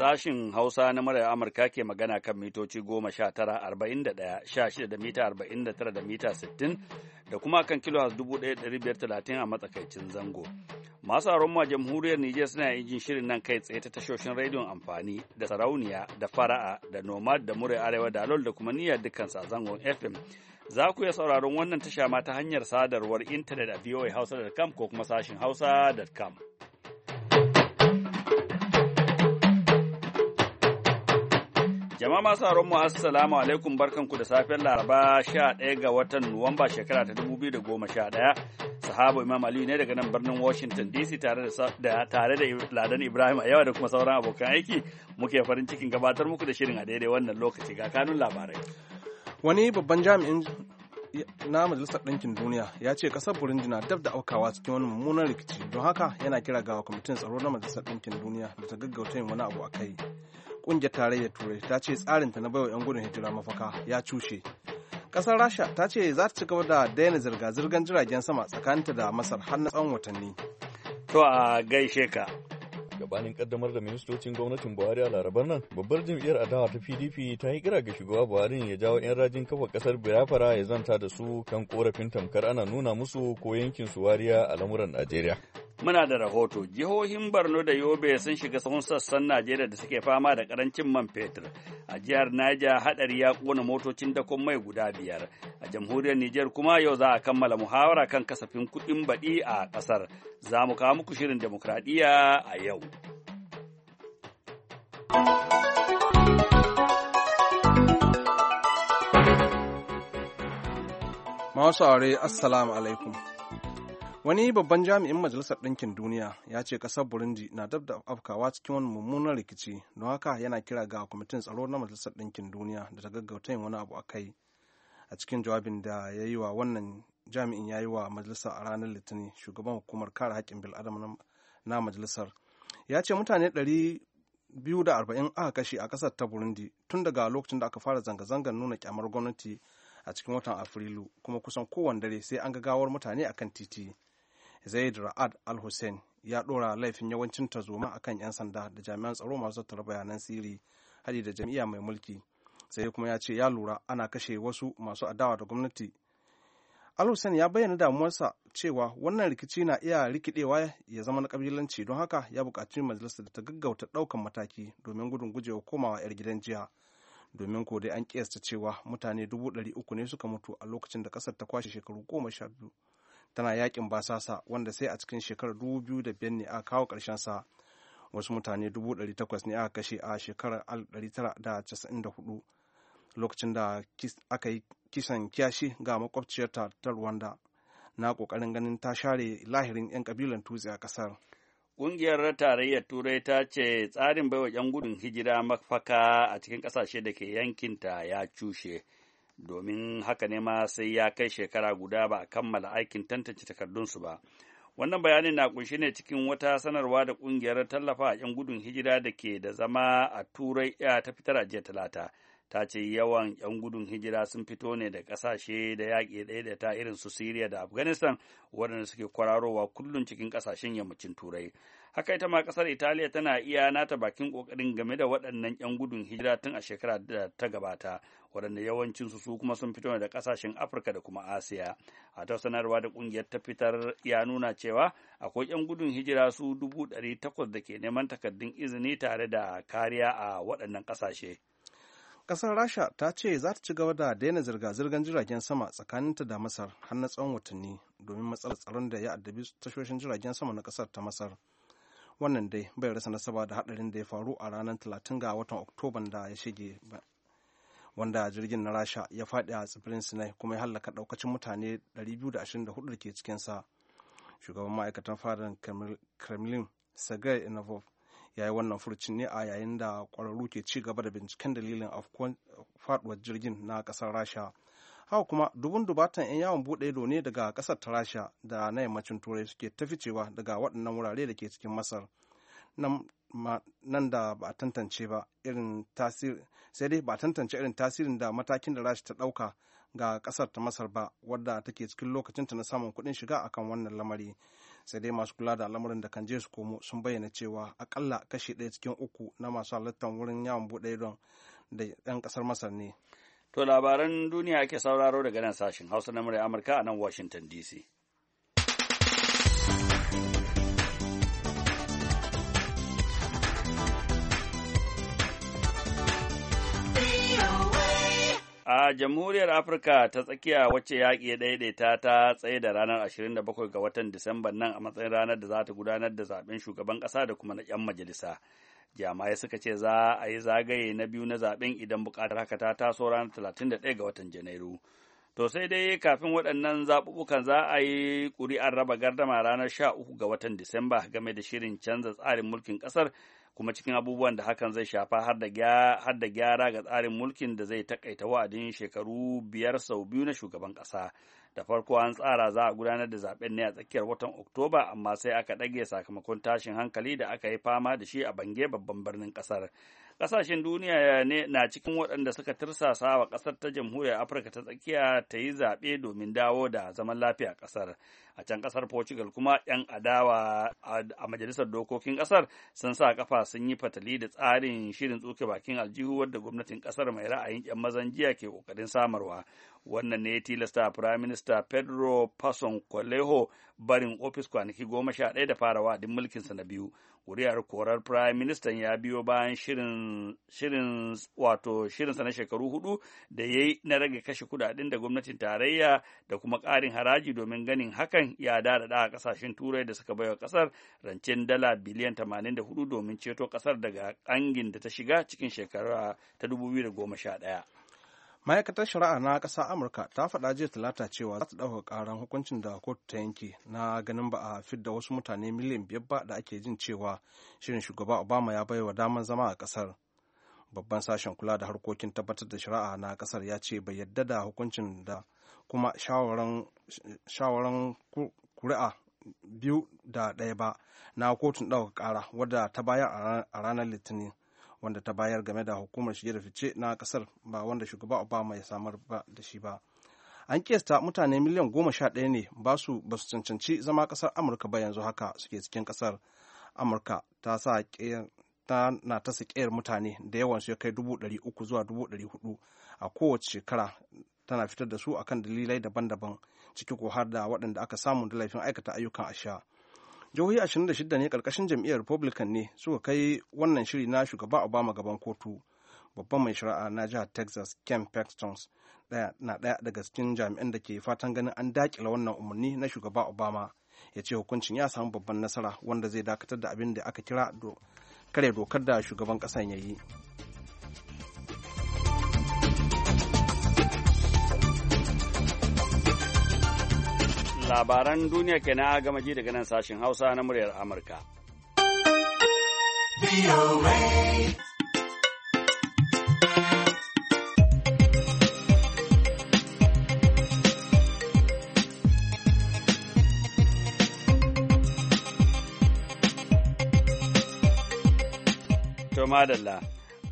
Sashin Hausa na mara Amurka ke magana kan mitoci goma sha tara arba'in da ɗaya sha shida da mita arba'in da tara da mita sittin da kuma kan kilo dubu ɗaya ɗari biyar talatin a matsakaicin zango. Masu aron ma jamhuriyar Nijar suna yin jin shirin nan kai tsaye ta tashoshin rediyon amfani da sarauniya da fara'a da nomad da murai arewa da alol da kuma niyyar dukkan sa zangon FM. Za ku iya sauraron wannan tasha ma ta hanyar sadarwar intanet a voahausa.com ko kuma sashin hausa.com. Jama'a masu sauraron mu assalamu alaikum barkanku da safiyar Laraba 11 ga watan Nuwamba shekara ta 2011. Sahabo Imam Ali ne daga nan birnin Washington DC tare da tare da Ladan Ibrahim a yawa da kuma sauran abokan aiki muke farin cikin gabatar muku da shirin a daidai wannan lokaci ga kanun labarai. Wani babban jami'in na majalisar ɗinkin duniya ya ce kasar burundi na dab da aukawa cikin wani mummunan rikici don haka yana kira ga kwamitin tsaro na majalisar ɗinkin duniya da ta gaggauta yin wani abu a kai kungiyar tarayyar turai ta ce tsarinta na baiwa 'yan gudun hijira mafaka ya cushe kasar rasha ta ce za ta ci gaba da daina zirga-zirgar jiragen sama tsakaninta da masar har na tsawon watanni to a gaishe ka gabanin kaddamar da ministocin gwamnatin buhari a larabar nan babbar jam'iyyar adawa ta pdp ta yi kira ga shugaba buhari ya jawo 'yan rajin kafa kasar biafra ya zanta da su kan korafin tamkar ana nuna musu ko yankin su wariya a lamuran najeriya Muna da rahoto, jihohin Borno da Yobe sun shiga tsohon sassan Najeriya da suke fama da karancin man fetur. A jihar Niger hadari ya kona motocin dakon mai guda biyar. A jamhuriyar Nijar kuma yau za a kammala muhawara kan kasafin kuɗin baɗi a ƙasar. Za mu kawo muku shirin demokradiyya a yau. Masu aure, Assalamu alaikum. wani babban jami'in majalisar ɗinkin duniya ya ce ƙasar burundi na dab da afkawa cikin wani mummunan rikici don haka yana kira ga kwamitin tsaro na majalisar ɗinkin duniya da ta gaggauta yin wani abu a kai a cikin jawabin da ya yi wa wannan jami'in ya yi wa majalisar a ranar litinin shugaban hukumar kare haƙƙin bil'adama na majalisar ya ce mutane 240 aka kashe a ƙasar ta burundi tun daga lokacin da aka fara zanga-zangar nuna kyamar gwamnati a cikin watan afrilu kuma kusan kowane dare sai an ga gawar mutane akan titi zaid ra'ad al hussein ya ɗora laifin yawancin tarzoma akan 'yan sanda da jami'an tsaro masu tattara bayanan sirri hadi da jami'a mai mulki sai kuma ya ce ya lura ana kashe wasu masu adawa da gwamnati al ya bayyana damuwarsa cewa wannan rikici na iya rikidewa ya zama na kabilanci don haka ya buƙaci majalisar da ta gaggauta ɗaukan mataki domin gudun gujewa komawa 'yar gidan jiha domin ko dai an kiyasta cewa mutane dubu ɗari uku ne suka mutu a lokacin da ƙasar ta kwashe shekaru goma sha biyu tana yakin basasa wanda sai a cikin shekarar dubu biyu da biyar ne a kawo karshen sa wasu mutane dubu ɗari takwas ne aka kashe a shekarar alif ɗari tara da casa'in da hudu lokacin da aka yi kisan kiyashi ga makwabciyarta ta rwanda na ƙoƙarin ganin ta share lahirin 'yan ƙabilan tutsi a ƙasar Ƙungiyar Tarayyar Turai ta ce tsarin baiwa 'yan gudun hijira mafaka a cikin ƙasashe da ke yankinta ya cushe. domin haka ne ma sai ya kai shekara guda ba a kammala aikin tantance takardunsu ba. Wannan bayanin na kunshi ne cikin wata sanarwa da kungiyar tallafa a 'yan gudun hijira da ke da zama a Turai ya eh, ta fitar a jiya talata. Ta ce yawan 'yan gudun hijira sun fito ne da ƙasashe da yaƙi ɗaya da ta irin su Siriya da Afghanistan waɗanda suke kwararowa kullum cikin ƙasashen yammacin Turai. haka ita ma kasar italiya tana iya nata bakin kokarin game da waɗannan 'yan gudun hijira tun a shekara da ta gabata waɗanda yawancinsu su kuma sun fito da kasashen afirka da kuma asiya a ta sanarwa da ƙungiyar ta fitar ya nuna cewa akwai 'yan gudun hijira su dubu ɗari takwas da ke neman takardun izini tare da kariya a waɗannan ƙasashe ƙasar rasha ta ce za ta ci gaba da daina zirga-zirgar jiragen sama tsakaninta da masar har na tsawon watanni domin matsalar tsaron da ya addabi tashoshin jiragen sama na kasar ta masar wannan dai bai rasa nasaba da hadarin da ya faru a ranar 30 ga watan oktoban da ya shige wanda jirgin na rasha ya faɗi a tsibirin sinai kuma ya hallaka ɗaukacin mutane 224 da ke cikinsa shugaban ma'aikatan fadar kremlin sergei inovov ya yi wannan furcin ne a yayin da kwararru ke ci gaba da binciken dalilin faɗuwar jirgin na kasar rasha haka kuma dubun dubatan 'yan yawon bude ido ne daga kasar ta rasha da na yammacin turai suke ta daga waɗannan wurare da ke cikin masar nan da ba a tantance ba irin sai dai ba a tantance irin tasirin da matakin da rasha ta ɗauka ga ƙasar ta masar ba wadda take cikin lokacinta na samun kuɗin shiga akan wannan lamari sai dai masu kula da lamarin da kan je su komo sun bayyana cewa akalla kashi ɗaya cikin uku na masu halartar wurin yawon buɗe idon da 'yan ƙasar masar ne To labaran duniya ake sauraro daga nan sashen Hausa na murya Amurka a nan Washington DC. A jamhuriyar Afirka ta tsakiya wacce yaƙi ya daidaita ta tsaye da ranar 27 ga watan Disamban nan a matsayin ranar da za ta gudanar da zaɓen shugaban ƙasa da kuma na 'yan majalisa. jami'ai suka ce za a yi zagaye na biyu na zaben idan bukatar haka ta taso ranar 31 ga watan janairu to sai dai kafin waɗannan zaɓuɓɓukan za a yi ƙuri'ar raba gardama ranar 13 ga watan disamba game da shirin canza tsarin mulkin ƙasar kuma cikin abubuwan da hakan zai shafa har da gyara ga tsarin mulkin da zai takaita wa'adin shekaru biyar sau biyu na shugaban ƙasa da farko an tsara za a gudanar da zaben ne a tsakiyar watan oktoba amma sai aka ɗage sakamakon tashin hankali da aka yi fama da shi a bange babban birnin ƙasar ƙasashen duniya ne na cikin waɗanda suka tirsasa wa ƙasar ta jamhuriyar afirka ta tsakiya ta yi zaɓe domin dawo da zaman lafiya ƙasar a can ƙasar portugal kuma 'yan adawa a majalisar dokokin ƙasar sun sa kafa sun yi fatali da tsarin shirin tsuke bakin aljihu wadda gwamnatin ƙasar mai ra'ayin 'yan mazan jiya ke ƙoƙarin samarwa wannan ne ya tilasta firayim minista pedro pason coleho barin ofis kwanaki goma sha ɗaya da fara wa'adin mulkinsa na biyu kuri'ar korar firayim ministan ya biyo bayan shirin wato shirinsa na shekaru hudu da ya yi na rage kashe kudaden da gwamnatin tarayya da kuma ƙarin haraji domin ganin hakan ya daɗaɗa a kasashen turai da suka baiwa kasar rancen dala biliyan tamanin da 84 domin ceto kasar daga ƙangin da ta shiga cikin shekara ta 2011 ma'aikatar shari'a na ƙasar amurka ta faɗa jiya talata cewa za ta ɗauka ƙarar hukuncin da kotu ta yanke na ganin ba a fidda wasu mutane miliyan biyar ba da ake jin cewa shirin shugaba obama ya baiwa damar zama a ƙasar babban sashen kula da harkokin tabbatar da shari'a na kasar ya ce bai yadda da hukuncin da kuma shawaran kuri'a biyu da ɗaya ba na kotun ɗauka ƙara wadda ta baya a ranar litinin wanda ta bayar game da hukumar shige da fice na kasar ba wanda shugaba obama ya samar ba da shi ba an kiyasta mutane miliyan goma sha ɗaya ne ba su ba cancanci zama kasar amurka ba yanzu haka suke cikin kasar amurka ta sa ta na ta sakiyar mutane da yawansu ya kai dubu ɗari uku zuwa dubu ɗari hudu a kowace shekara tana fitar da su akan dalilai daban-daban ciki ko har da waɗanda aka samu da laifin aikata ayyukan asha. jihohi 26 ne karkashin jam'iyyar republican ne suka kai wannan shiri na shugaba obama gaban kotu babban mai shari'a na jihar texas ken paxton na ɗaya daga cikin jami'an da ke fatan ganin an dakila wannan umarni na shugaba obama ya ce hukuncin ya samu babban nasara wanda zai dakatar da abin da aka kira kare dokar da shugaban kasan ya yi labaran duniya kena na gama ji daga nan sashen hausa na muryar amurka To madalla.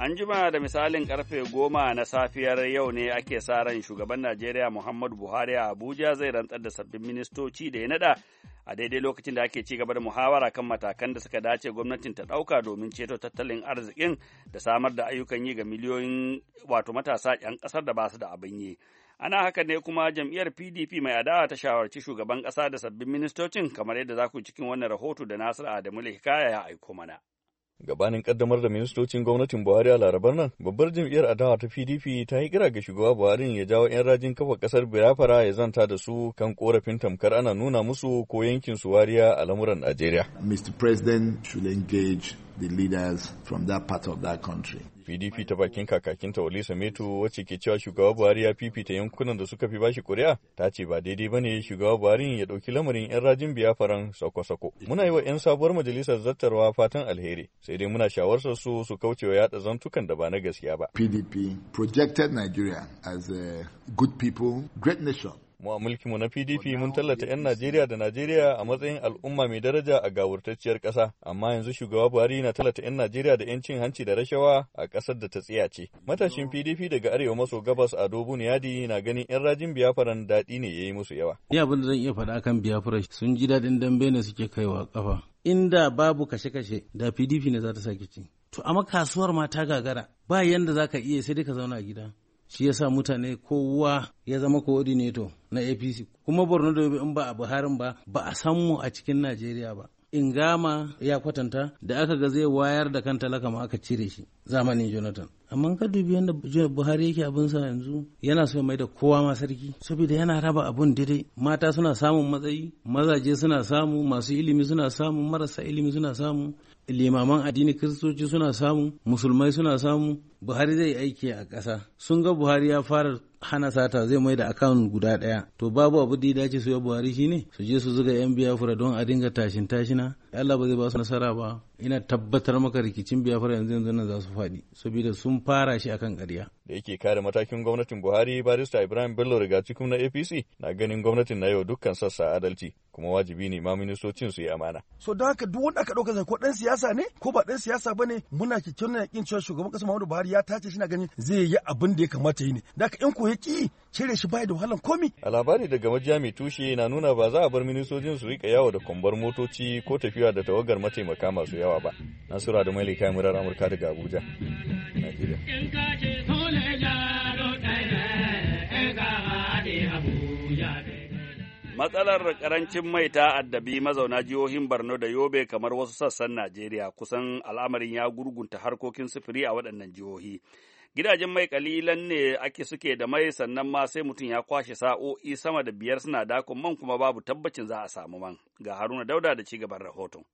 An jima da misalin karfe goma na safiyar yau ne ake sa ran shugaban Najeriya Muhammadu Buhari a Abuja zai rantsar da sabbin ministoci da ya nada a daidai lokacin da ake ci gaba da muhawara kan matakan da suka dace gwamnatin ta ɗauka domin ceto tattalin arzikin da samar da ayyukan yi ga miliyoyin wato matasa 'yan ƙasar da ba su da abin yi. ana haka ne kuma jam'iyyar pdp mai adawa ta shawarci shugaban ƙasa da sabbin ministocin kamar yadda za ku cikin wannan rahoto da nasir adamu hikaya ya aiko mana gabanin kaddamar da ministocin gwamnatin buhari a larabar nan babbar jam'iyyar adawa ta pdp ta yi kira ga shugaba buhari ya jawo 'yan rajin kafa kasar biyafara ya zanta da su kan korafin tamkar ana nuna musu ko yankin su wariya a lamuran najeriya mr president should engage the leaders from that part of that country PDP ta bakin kakakinta Olisa Metu wacce ke cewa shugaba Buhari ya fifita yankunan da suka fi bashi kuri'a ta ce ba daidai ba ne shugaba Buhari ya ɗauki lamarin yan rajin biyafaran sako-sako. Muna yi wa yan sabuwar majalisar Zartarwa fatan alheri sai dai muna shawarsa su su kaucewa yada zantukan da ba na gaskiya ba. PDP projected Nigeria as a good people, great nation. mu a mulkinmu na PDP mun tallata 'yan Najeriya da Najeriya a matsayin al'umma mai daraja a gawurtacciyar ƙasa, amma yanzu shugaba Buhari na tallata 'yan Najeriya da 'yancin hanci da rashawa a ƙasar da ta tsiyace. Matashin PDP daga arewa maso gabas a Dobun Yadi na ganin 'yan rajin biyafaran daɗi ne ya yi musu yawa. Ni abin da zan iya faɗa kan biyafara sun ji daɗin dambe ne suke kaiwa ƙafa. Inda babu kashe-kashe da PDP ne za ta sake ci. To amma kasuwar ma ta gagara ba yanda za ka iya sai dai ka zauna a gida. shi yasa mutane kowa ya zama coordinator na apc kuma borno da in ba a buharin ba ba a san mu a cikin najeriya ba in gama ya kwatanta da aka ga zai wayar da kan talaka ma aka cire shi zamanin jonathan amma ka dubi yadda jihar buhari yake abin sa yanzu yana so mai da kowa ma sarki saboda yana raba abun daidai mata suna samun matsayi mazaje suna samu masu ilimi suna samu marasa ilimi suna samu limaman addini kiristoci suna samu musulmai suna samu buhari zai aiki a ƙasa sun ga buhari ya fara hana sata zai mai da akawun guda ɗaya to babu abu da ya dace su ya buhari shine su je su zuga yan biyafura don a dinga tashin tashina Allah ba zai ba su nasara ba ina tabbatar maka rikicin biyafar yanzu yanzu nan za su faɗi saboda sun fara shi akan ƙarya da yake kare matakin gwamnatin Buhari barista Ibrahim Bello cikin na APC na ganin gwamnatin na yau dukkan sassa adalci kuma wajibi ne ma ministocin su yi amana. So don haka duk wanda aka dauka zai ko dan siyasa ne ko ba ɗan siyasa ba ne muna na yakin cewa shugaban kasa Muhammadu Buhari ya tace shi na ganin zai yi abin da ya kamata yi ne. Da haka in ko ya cire shi bai da wahalan komi. A labari daga majiya mai tushe na nuna ba za a bar ministocin su rika yawo da kwambar motoci ko tafiya da tawagar mataimaka masu yawa ba. Nasura da Malika Murar Amurka daga Abuja. Matsalar karancin mai ta addabi mazauna jihohin Borno da Yobe kamar wasu sassan Najeriya kusan al'amarin ya gurgunta harkokin sufuri a waɗannan jihohi. Gidajen mai kalilan ne ake suke da mai sannan ma sai mutum ya kwashe sa'o'i sama da biyar suna dakon man kuma babu tabbacin za a samu man. Ga Haruna Dauda da ci gaban rahoton.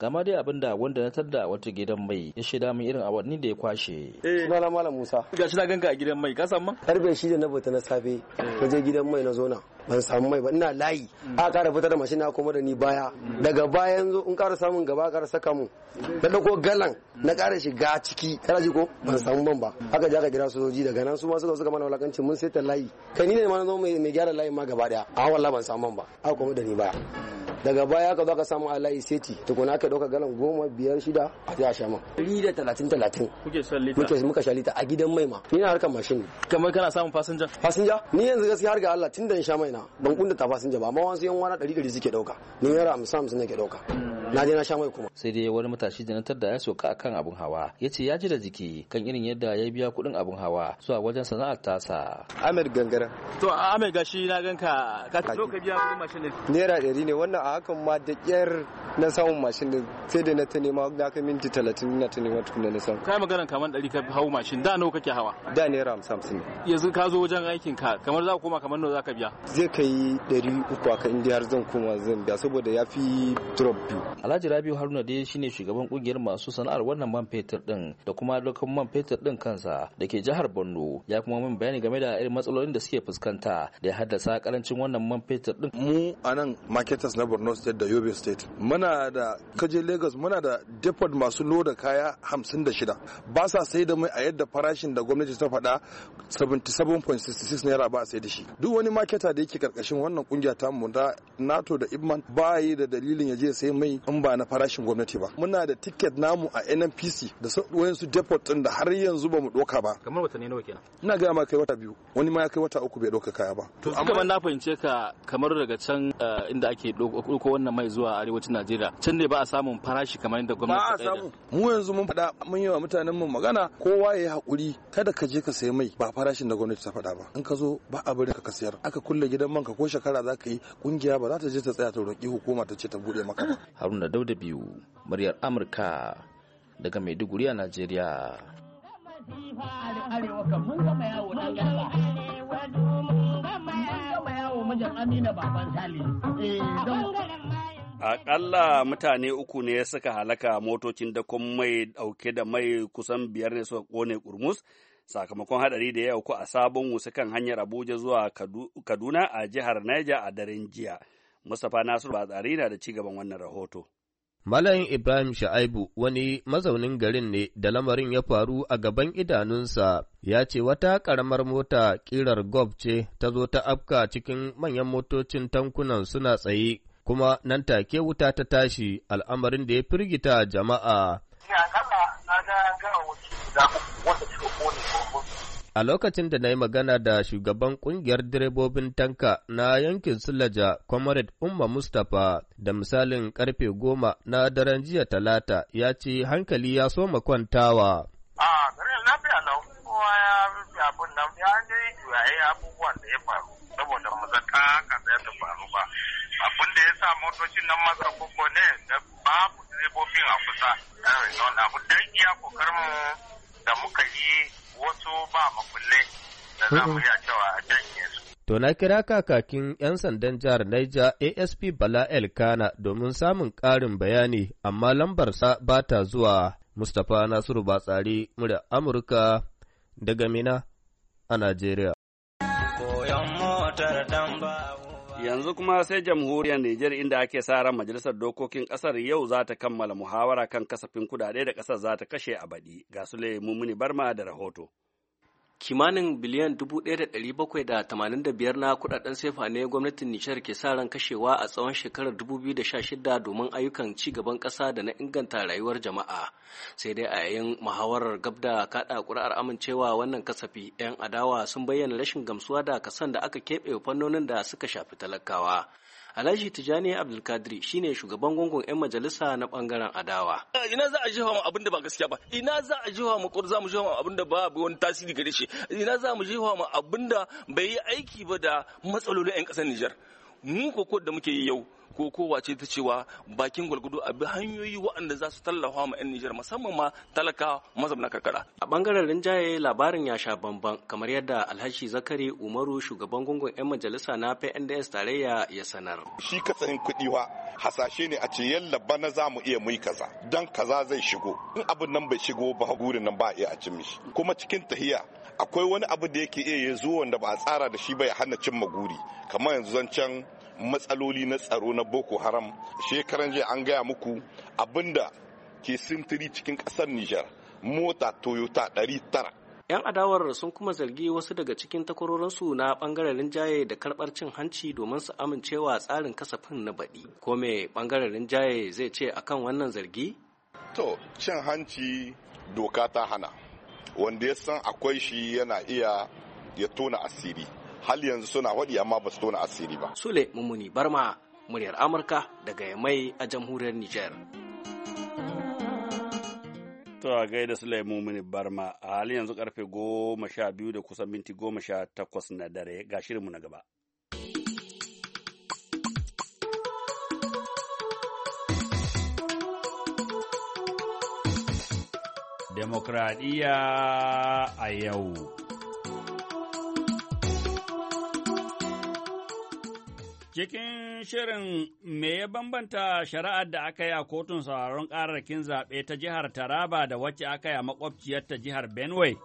gama dai abin da wanda na tarda wata gidan mai ya shaida min irin awanni da ya kwashe eh. suna na malam musa shi na ganga a gidan mai ka san ma shi shida na bata na safe eh. na je gidan mai na zona ban samu mai ba ina layi mm. a kara fita da mashin na da ni baya mm. daga bayan zo in kara samun gaba kara saka mu na dauko galan mm. na kara shiga ciki kana ji ko ban samu ban ba haka jaka gira kira sojoji daga nan su ma suka suka mana wulakanci mun sai ta layi kai ni ne ma na zo mai gyara layi ma gaba daya a wallahi ban samu ban ba a kuma da ni baya daga baya ka zo ka samu Alayi seti tukuna ka dauka galan goma biyar shida a ta sha man da talatin talatin kuke shan lita muke muka sha lita a gidan mai ma ni na harkar mashin kamar kana samun fasinja fasinja ni yanzu gaskiya har ga Allah tun da in sha mai na ban kunda ta fasinja ba amma wasu yan wana ɗari ɗari suke dauka ni yara hamsin hamsin nake dauka hmm. na je na sha mai kuma sai dai wani matashi da nantar da ya soka akan abun hawa ya ce ya ji da jiki kan irin yadda ya biya kuɗin abun hawa zuwa wajen sana'ar tasa Ahmed Gangara to Ahmed gashi na ganka ka zo ka biya kuɗin mashin din naira ɗari ne wannan a hakan ma da ƙyar na samun mashin din sai da na ta nema na kai minti talatin na ta nema tukuna na samu kai maganar kamar ɗari ka hau mashin da nawa kake hawa da naira hamsin hamsin yanzu ka zo wajen aikin ka kamar za ka koma kamar nawa za ka biya zai kai ɗari uku haka indiya har zan koma zan biya saboda ya fi drop biyu Alhaji Rabiu Haruna dai shine shugaban kungiyar masu sana'ar wannan man fetur din da kuma dokan man fetur din kansa da ke jihar Borno ya kuma min bayani game da irin matsalolin da suke fuskanta da ya haddasa karancin wannan man fetur din. Mu anan nan marketers na Borno State da Yobe State muna da kaje Lagos muna da depot masu loda kaya 56 ba sa sai da mai a yadda farashin da gwamnati ta faɗa 77.66 naira ba sai da shi. Duk wani marketer da yake karkashin wannan kungiya ta mu da NATO da Ibman ba yi da dalilin ya je sai mai in ba na farashin gwamnati ba muna da ticket namu a NNPC da wayansu depot din da har yanzu ba mu doka ba kamar watanni nawa kenan ina gaya ma kai wata biyu wani ma ya kai wata uku bai doka kaya ba to amma na fahimce ka kamar daga can eh, inda ake doko wannan mai zuwa arewacin Najeriya can ne ba a samun farashi kamar yadda gwamnati Ba a samu mu yanzu mun faɗa mun yi wa mutanen mu magana kowa ya yi hakuri kada ka je ka sayi mai ba farashin da gwamnati ta faɗa ba in ka zo ba a bari ka sayar aka kulle gidan ka ko shekara za ka yi kungiya ba za ta je ta tsaya ta roƙi hukuma ta ce ta bude maka ba haruna muryar amurka daga maiduguri a najeriya Aƙalla mutane uku ne suka halaka motocin dakon mai ɗauke da mai kusan biyar ne suka ƙone ƙurmus sakamakon haɗari da ya auku a sabon wusa kan hanyar Abuja zuwa Kaduna a jihar Niger a daren jiya. Mustapha Nasiru Batsari na da ci gaban wannan rahoto. Malayin Ibrahim Sha'aibu wani mazaunin garin ne da lamarin ya faru a gaban idanunsa ya ce wata ƙaramar mota ƙirar Gob ce ta zo ta afka cikin manyan motocin tankunan suna tsaye kuma nan take wuta ta tashi al'amarin da ya firgita jama'a. Ina na ga wata A lokacin da na yi magana da shugaban ƙungiyar direbobin tanka na yankin Sulaja, Comrade Umma Mustapha, da misalin karfe goma na daren jiya talata ya ce hankali ya soma kwantawa. A garin lafiya kowa ya rufe abin juyaye abubuwan da ya faru, saboda mazaka haka da faru ba. Abin da ya sa motocin nan masa koko ne da babu direbobin a kusa. abu dan iya kokarin da muka yi wasu ba makullai da za mu iya cewa a janye su. To na kira kakakin 'yan sandan jihar Niger ASP Bala kana domin samun ƙarin bayani amma lambarsa ba ta zuwa Mustapha Nasiru Batsari mura Amurka daga Mina a Najeriya. Yanzu kuma sai jamhuriyar Nijar inda ake sa ran majalisar dokokin ƙasar yau za ta kammala muhawara kan kasafin kudade da ƙasar za ta kashe a baɗi. Ga Suleiman Muni Barma da rahoto. kimanin biliyan 1,785 na kudaden sefa ne gwamnatin nishar ke sa ran kashewa a tsawon shekarar 2016 domin ayyukan ci gaban ƙasa da na inganta rayuwar jama'a sai dai a yayin muhawarar gabda kada kuri'ar amincewa wannan kasafi 'yan adawa sun bayyana rashin gamsuwa da kasan da aka keɓe fannonin da suka shafi talakawa Alhaji Tijani Abdulkadir shine shugaban gungun 'yan majalisa na bangaren adawa. Eh, ina za a jefa mu abin da ba gaskiya ba? Ina za a jefa mu za mu jefa mu abin da ba wani tasiri gare shi? Ina za mu jefa mu abin da bai yi aiki ba da matsalolin 'yan ƙasar Nijar? Mu ko da muke yi yau ko kowa ce ta cewa bakin gwalgudu a bi hanyoyi waɗanda za su tallafa ma 'yan Nijar musamman ma talaka mazauna karkara. A bangaren rinjaye labarin ya sha bamban kamar yadda Alhaji Zakari Umaru shugaban gungun 'yan majalisa na PNDS tarayya ya sanar. Shi katsayin kuɗi wa hasashe ne a ce yalla bana za mu iya muyi kaza don kaza zai shigo in abin nan bai shigo ba gurin nan ba a iya a cin mishi kuma cikin tahiya akwai wani abu da yake iya yanzu wanda ba a tsara da shi ba ya hana cimma guri kamar yanzu zancen matsaloli na tsaro na boko haram shekaran jiya an gaya muku abinda ke sintiri cikin ƙasar nijar mota toyota 900 'yan adawar sun kuma zargi wasu daga cikin takwarorinsu na bangaren rinjaye da karbar cin hanci domin su amincewa tsarin kasafin na baɗi ko me bangaren rinjaye zai ce akan wannan zargi to cin hanci doka ta hana wanda ya san akwai shi yana iya ya tona asiri hal yanzu suna waɗi amma ba su tona asiri ba. Sule Mumuni Barma muryar Amurka daga Yamai a jamhuriyar Nijar. To a gaida Sule Mumuni Barma a halin yanzu karfe goma sha biyu da kusan minti goma sha takwas na dare ga shirinmu na gaba. Demokradiyya a yau. Cikin shirin me ya bambanta shari'ar da aka yi a kotun sauraron ƙararrakin zaɓe ta jihar Taraba da wacce aka yi a ta jihar Benue?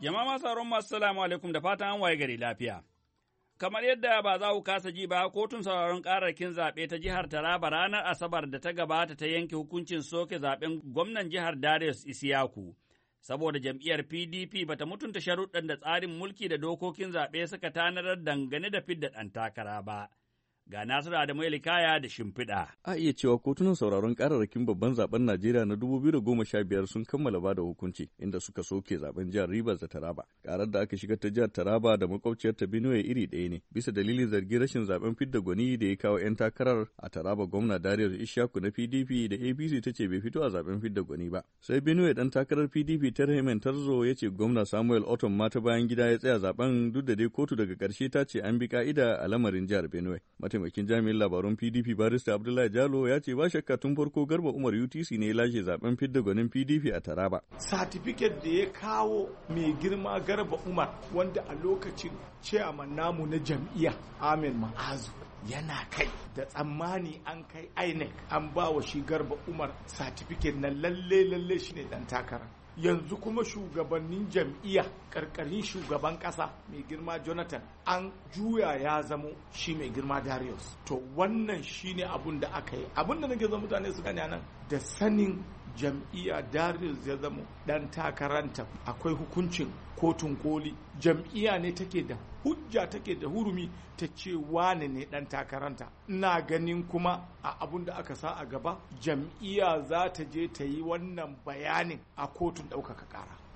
Jama'a sauran masu salamu alaikum da fatan an waye gari lafiya. Kamar yadda ba za ku kasa ji ba, kotun sauraron ƙararrakin zaɓe ta jihar Taraba ranar Asabar da ta gabata ta yanke hukuncin soke zaɓen gwamnan jihar Darius Isiyaku. saboda jam'iyyar PDP ba ta mutunta sharuɗɗan da tsarin mulki da dokokin zaɓe suka tanarar dangane da fidda ɗan takara ba. Ga Nasiru Adamu Elikaya da Shimfiɗa. A iya cewa kotunan sauraron kararrakin babban zaben Najeriya na 2015 sun kammala bada hukunci inda suka soke zaben jihar Rivers da Taraba. Karar da aka shigar ta jihar Taraba da makwabciyar ta Benue iri ɗaya ne bisa dalilin zargi rashin zaben fidda gwani da ya kawo 'yan takarar a Taraba gwamna Darius Ishaku na PDP da APC ta ce bai fito a zaben fidda gwani ba. Sai Benue dan takarar PDP ta Terhemen Tarzo ya ce gwamna Samuel Otom ma ta bayan gida ya tsaya zaben duk da dai kotu daga ƙarshe ta ce an bi ka'ida a lamarin jihar Benue. mataimakin jami'in labarun PDP barista Abdullahi Jalo ya ce ba shakka tun farko Garba Umar UTC ne ya lashe zaben fidda gwanin PDP a Taraba. Satifiket da ya kawo mai girma Garba Umar wanda a lokacin ciyaman namu na jam'iyya Amin Ma'azu yana kai da tsammani an kai INEC an ba wa shi Garba Umar satifiket na lalle lalle shine dan takara. yanzu kuma shugabannin jam'iyya karkarin shugaban ƙasa mai girma jonathan an juya ya zamo shi mai girma darius to wannan shine abun da aka yi abun da nake zan mutane su gane nan da sanin jam'iyya darius ya zama dan takaranta akwai hukuncin kotun koli jam'iyya ne take da hujja take da hurumi ta ce wane ne dan takaranta ina ganin kuma a abun da aka sa a gaba jam'iyya za ta je ta yi wannan bayanin a kotun ɗaukaka ƙara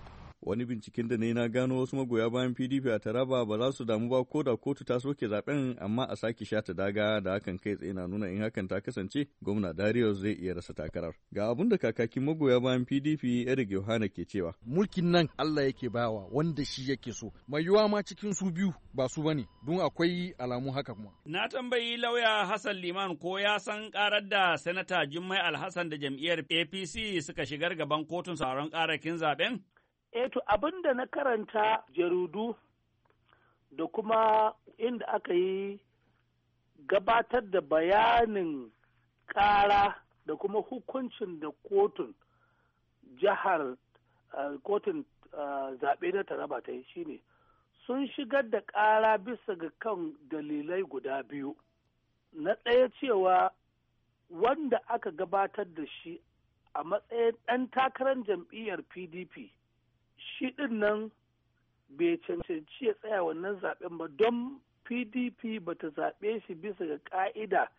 wani binciken da ne na gano wasu magoya bayan pdp a taraba ba za su damu ba ko da kotu ta soke zaben amma a sake shata daga da hakan kai tsaye na nuna in hakan ta kasance gwamna darius zai iya rasa takarar ga abun da kakakin magoya bayan pdp eric yohana ke cewa mulkin nan allah yake bawa wanda shi yake so mai yiwa ma cikin su biyu ba su bane don akwai alamu haka kuma na tambayi lauya hassan liman ko ya san karar da sanata jummai alhassan da jam'iyyar apc suka shigar gaban kotun sauran karakin zaben Eto eh, abinda abin da na karanta jaridu da kuma inda aka yi gabatar da bayanin kara da kuma hukuncin da kotun jihar eh, kotun eh, zaɓe na taraba ta yi shine sun shigar da ƙara bisa ga kan dalilai guda biyu na ɗaya cewa wanda aka gabatar da shi a matsayin ɗan takarar jam'iyyar pdp shi ɗin nan bai cancanci ya tsaya wannan zaben ba don pdp ba ta zaɓe shi bisa ga ƙa'ida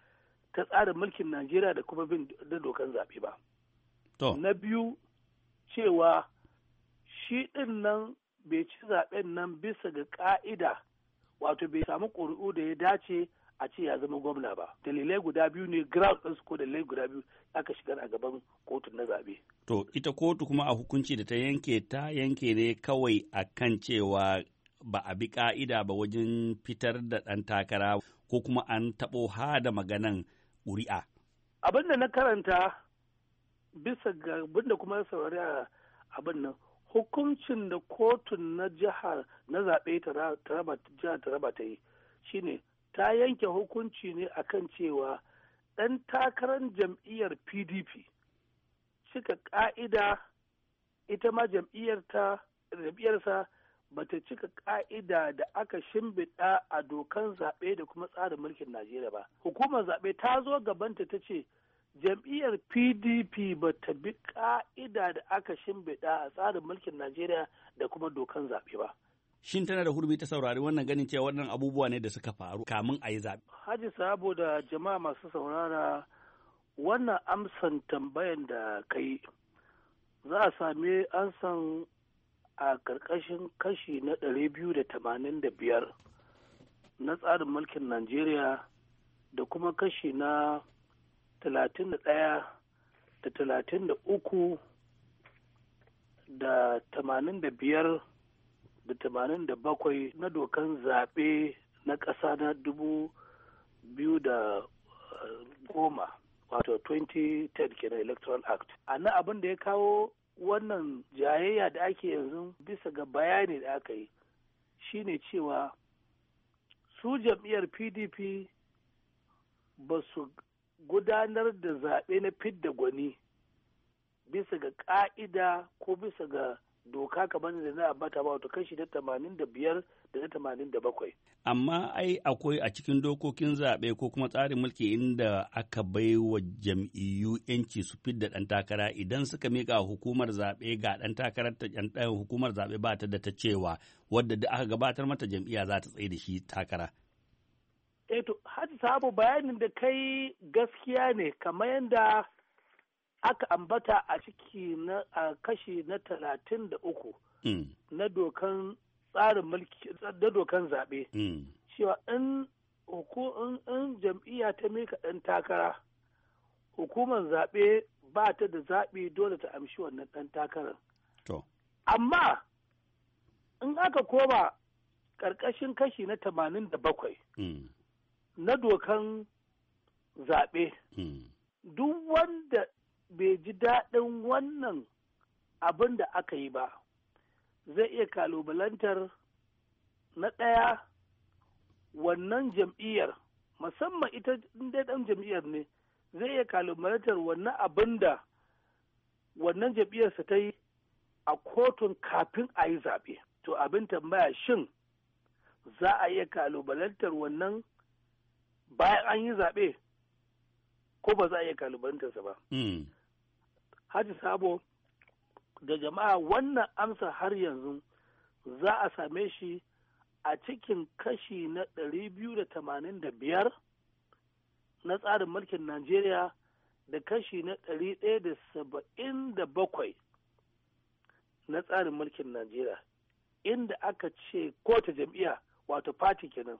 ta tsarin mulkin najeriya da kuma bin da dokan zaɓe ba na biyu cewa shi ɗin nan bai ci zaɓen nan bisa ga ƙa'ida wato bai samu ƙuri'u da ya dace a ce ya zama gwamna ba dalilai guda biyu ne ground ɗin ko dalilai guda biyu aka shigar a gaban kotun na zabe to ita kotu kuma a hukunci da ta yanke ta yanke ne kawai a kan cewa ba a bi ka'ida ba wajen fitar da ɗan takara ko kuma an taɓo hada maganan ƙuri'a. abin da na karanta bisa ga abin da kuma saurari a abin nan hukuncin da kotun na jihar na zaɓe ta raba ta yi shine ta yanke hukunci ne akan cewa ɗan takarar jam'iyyar pdp cika ƙa'ida ita ma jam'iyyarsa bata cika ƙa'ida da aka shimbiɗa a dokan zaɓe da kuma tsarin mulkin najeriya ba hukumar zaɓe ta zo gabanta ta ce jam'iyyar pdp bata bi ƙa'ida da aka shimbiɗa a tsarin mulkin najeriya da kuma dokan zaɓe ba Shin tana da hurbi ta saurari wannan ganin cewa waɗannan abubuwa ne da suka faru kamun a yi zaɓe. Haji Sabo da jama'a masu saurara wannan amsan tambayan da kai za a same ansan a ƙarƙashin kashi na ɗari biyu da tamanin da biyar na tsarin mulkin Najeriya da kuma kashi na talatin da ɗaya da talatin da uku da tamanin da biyar da tamanin da bakwai na dokan zaɓe na ƙasa na dubu biyu da eh, goma wato 2010 kenan electoral act a na abin da ya kawo wannan jayayya da ake yanzu bisa ga bayani da aka yi shine cewa su jam'iyyar pdp ba su gudanar da zaɓe na fidda gwani bisa ga ƙa'ida ko bisa ga doka kamar da na bata ba wato kashi na tamanin da biyar da na tamanin da bakwai. Amma ai akwai a cikin dokokin zaɓe ko kuma tsarin mulki inda aka bai wa jam'iyyu yanci su fidda ɗan takara idan suka mika hukumar zaɓe ga ɗan takarar ta ɗan hukumar zaɓe ba ta da ta cewa wadda da aka gabatar mata jam'iyya za ta tsaye da shi takara. Eh to, hadi samu bayanin da kai gaskiya ne kamar yadda aka ambata a ciki na a kashi na talatin da uku mm. na dokan tsarin mulki da dokan zaɓe mm. cewa in in jam'iyya ta mika ɗan takara hukumar zaɓe ba ta da zaɓe dole ta amshi wannan ɗan takarar amma in aka koma ƙarƙashin kashi na tamanin da bakwai mm. na dokan zaɓe duk wanda bai ji daɗin wannan abin da aka yi ba zai iya kalubalantar na ɗaya wannan jam'iyyar musamman ita dai ɗan jam'iyyar ne zai iya kalubalantar wannan abin da wannan jam'iyyarsa ta yi a kotun kafin a yi zaɓe to abin tambaya shin za a iya kalubalantar wannan bayan an yi zaɓe ko ba za a iya kalubalantarsa ba. Hmm. haji sabo da jama'a wannan amsa har yanzu za a same shi a cikin kashi na 285 na tsarin mulkin najeriya da kashi na 177 na tsarin mulkin najeriya inda aka ce kowace jam'iyya wato fati kenan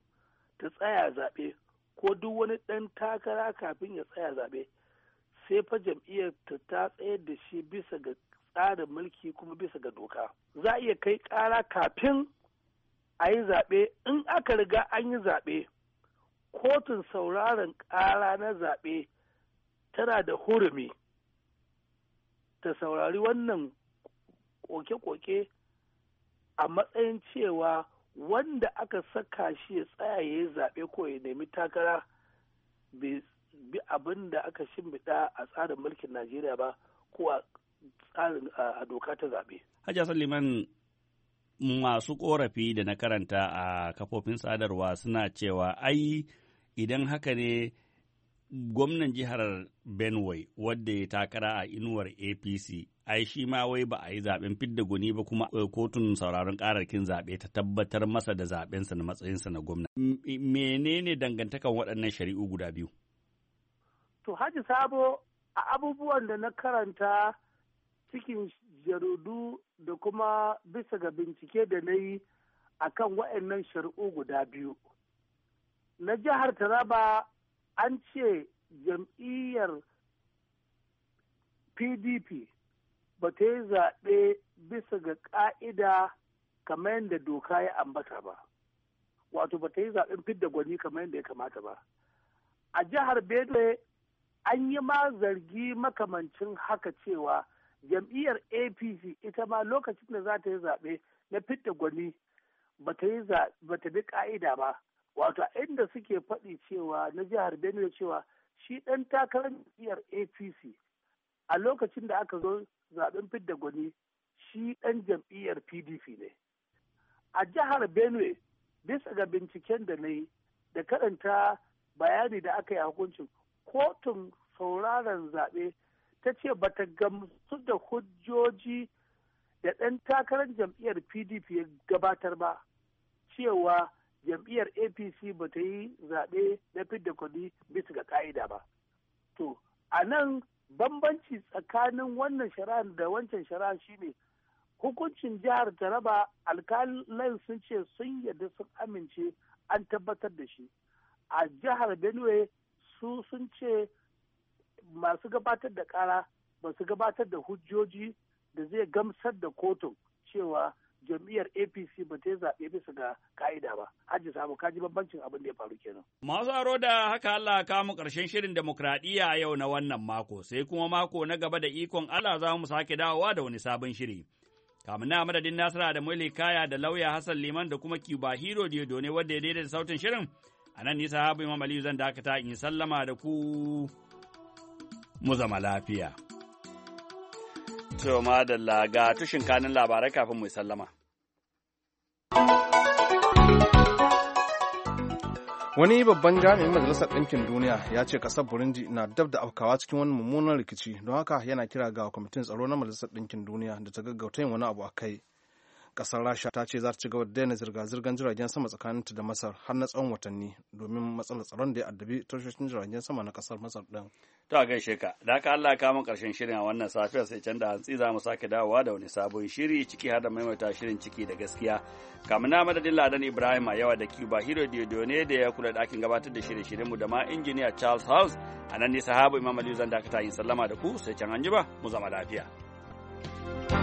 ta tsaya zaɓe ko duk wani ɗan takara kafin ya tsaya zaɓe sai fa jam'iyyar ta ta tsayar da shi bisa ga tsarin mulki kuma bisa ga doka za a iya kai ƙara kafin a yi zaɓe in aka riga an yi zaɓe kotun sauraron ƙara na zaɓe tana da hurumi ta saurari wannan koke-koke a matsayin cewa wanda aka saka shi ya tsaya ya yi zaɓe ko ya nemi takara bai bi abin da aka shimbiɗa a tsarin mulkin Najeriya ba ko a tsarin a doka ta zaɓe. Hajiya Salliman, masu ƙorafi da na karanta a kafofin sadarwa suna cewa ai idan haka ne gwamnan jihar Benue wadda ya takara a inuwar APC ai shi ma wai ba a yi zaben fidda guni ba kuma eh, kotun sauraron kararkin zaɓe ta tabbatar masa da zaɓensa na matsayinsa na gwamna. Menene dangantakan waɗannan shari'u guda biyu? To hajji Sabo a abubuwan da na karanta cikin jarudu da kuma bisa ga bincike da na yi a kan wa'annan shari'u guda biyu. Na jihar Taraba an ce jam'iyyar PDP ba ta yi zaɓe bisa ga ƙa'ida kamar yadda doka ya ambata ba. Wato ba ta yi zaɓen fidda gwani kamar yadda ya kamata ba. A jihar Benue an yi ma zargi makamancin haka cewa jam'iyyar apc ita ma lokacin da za ta yi zaɓe na fitta gwani ba ta bi ƙa'ida ba wato inda suke faɗi cewa na jihar benue cewa shi ɗan takarar jam'iyyar apc a lokacin da aka zo zaɓen fidda gwani shi ɗan jam'iyyar pdp ne a jihar benue bisa ga binciken da na yi da karanta bayani da aka yi hukuncin kotun sauraron zaɓe ta ce ba ta gamsu da hujjoji da ɗan takarar jam'iyyar pdp ya gabatar ba cewa jam'iyyar apc ba ta yi zaɓe na fidda kuɗi bisa ga ƙa'ida ba to a nan bambanci tsakanin wannan shari'ar da wancan shari'ar shine hukuncin jihar taraba alkalin sun ce sun yarda sun amince an tabbatar da shi a jihar benue su sun ce masu gabatar da kara ba gabatar da hujjoji da zai gamsar da kotun cewa jam'iyyar apc ba ta yi zaɓe bisa ga ka'ida ba haji samu kaji bambancin abin da ya faru kenan. masu aro da haka allah ka mu ƙarshen shirin demokradiyya yau na wannan mako sai kuma mako na gaba da ikon allah za mu sake dawowa da wani sabon shiri. kamun na madadin nasara da mule kaya da lauya hassan liman da kuma cuba hero ne wadda ya daidaita sautin shirin A nan nisa habu Imam Aliyu zan dakata in sallama da ku mu zama lafiya. To da Laga tushin kanin labarai kafin mu sallama. Wani babban jami'in Majalisar Ɗinkin Duniya ya ce ƙasar Burundi na dab da afkawa cikin wani mummunan rikici don haka yana kira ga kwamitin tsaro na Majalisar Ɗinkin Duniya da ta gaggauta yin wani abu a kai. kasar rasha ta ce za ta ci gaba da daina zirga-zirgar jiragen sama tsakaninta da masar har na tsawon watanni domin matsalar tsaron da ya addabi tashoshin jiragen sama na kasar masar din ta gaishe ka da ka allah kama karshen shirin a wannan safiyar sai can da hantsi za mu sake dawowa da wani sabon shiri ciki har da maimaita shirin ciki da gaskiya kamun na madadin ladan ibrahim a yawa da cuba hiro ne da ya kula da ɗakin gabatar da shirye-shiryen mu da ma injiniya charles house a nan ne sahabu imam aliyu zan dakata yin sallama da ku sai can ba mu zama lafiya. thank